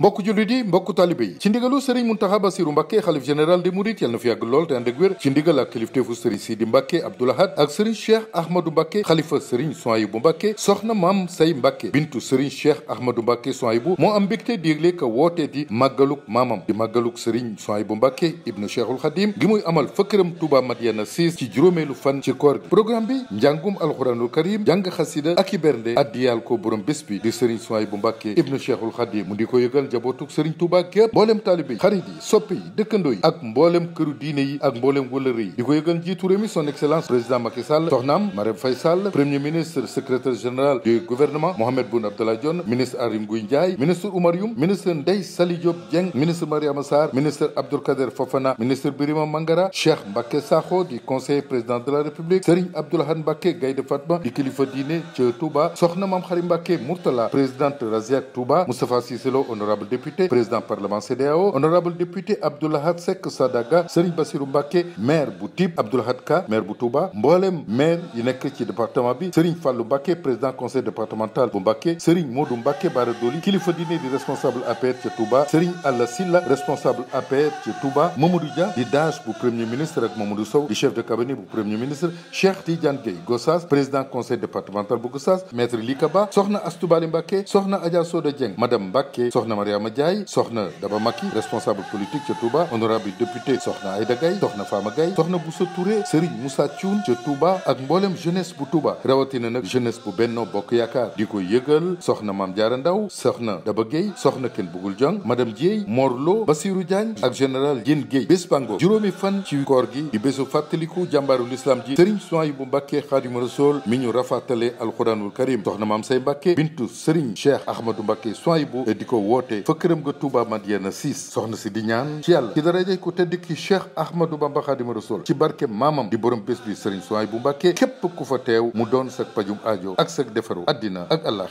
mbokk jullit yi mbokk taalibe yi ci ndigalu sëriñ muntaxa basiru mbàkke xalif général de mourid yal na fi yàgg lool te ànd ak wér ci ndigal ak kilifteefu sëriñ sidi mbàkke abdul ahad ak sëriñ cheikh ahmadou mbàkke xalifa sëriñ sohaybu mbàkke soxna maam say mbàkke bintu sëriñ cheikh ahmadou mbàkke sohaybu moo am mbégte di yëgle ka wootee di màggaluk maamam di màggaluk sëriñ bu mbàkke ibnu cheikhul xadim gi muy amal fëkkëram touba ma 6 ci juróomeelu fan ci koor gi programme bi i bernde addiyal ko borom bés bi di sëriñ sohaybu mbàkke ibnu cheikhul xadim mu di ko yëgal ñaanal jabootug Touba gep mbollem taalibe xarit yi soppi yi dëkkandoo yi ak mbollem këru diine yi ak mbooleem wëlëre yi diko yëgal njiitu son excellence président Macky Sall soxnaam Marème Faye premier ministre secrétaire général du gouvernement Mohamed Boun Abdallah Dionne ministre Arim Ngouille ministre Oumar ministre Ndeye Saly Diop Dieng ministre Mariama Sar ministre Abdoul Kader Fofana ministre Birima Mangara Cheikh Mbacké Sakho di conseil président de la république Serigne Abdoul Baké. Mbacké Gaïndé Fatma di kilifa diine ca Touba soxna Mame Khari Mbacké Murtala. présidente Raziak Touba Moustapha Cissélo honorable député, président parlement CDAO, honorable député Abdullah Sek Sadaga, Serin Bassirou Mbacké, maire Boutib, Dib, Abdoulahad maire Boutouba, Mbolem, maire Yenekriti département bi, Serigne Fallou président conseil départemental bu Serin Serigne Modou Mbacké Bara Doli, responsable APR Tchetouba, Serin Serigne Alla Silla, responsable APR Tchetouba, Touba, Mamadou Dia di premier ministre ak Mamadou Sow chef de cabinet pour premier ministre, Cheikh Tidiane Gueye Gossas, président conseil départemental Bougossas, maître Likaba, soxna Astoubali Limbake, soxna Adja de madame Sohna soxna Mariama Diaye soxna Daba Maki responsable politique ca Touba honorable député soxna Aïda Gaye soxna Fama Gaye soxna Boussa Touré Serigne Moussa Thioune ca Touba ak mboolem jeunesse bu Touba rawatina nag jeunesse bu Benno Bokk Yaakaar di ko yëgal soxna Mame Diarra Ndaw soxna Daba Gueye soxna Ken Bugul Jong madame Dieye Mor Lo Bassirou Diagne ak général Diène Gueye bés bango juróomi fan ci koor gi di bésu fàttaliku jàmbaaru l'islam ji Serigne Souhaïbou Mbacké Khadimou Rassoul mi ñu rafatale alxuraanul karim soxna Mame Say Mbacké bintu Serigne Cheikh Ahmadou Mbacké Souhaïbou di ko woote diggante fa këram ga Touba yenna 6 soxna si di ñaan ci yàlla ci daraje ku tedd ki Cheikh Ahmadou Bamba Khadimou Rassoul ci barke maamam di boroom bés bi Serigne bu Mbacké képp ku fa teew mu doon sag pajum aajo ak sag defaru àddina ak allah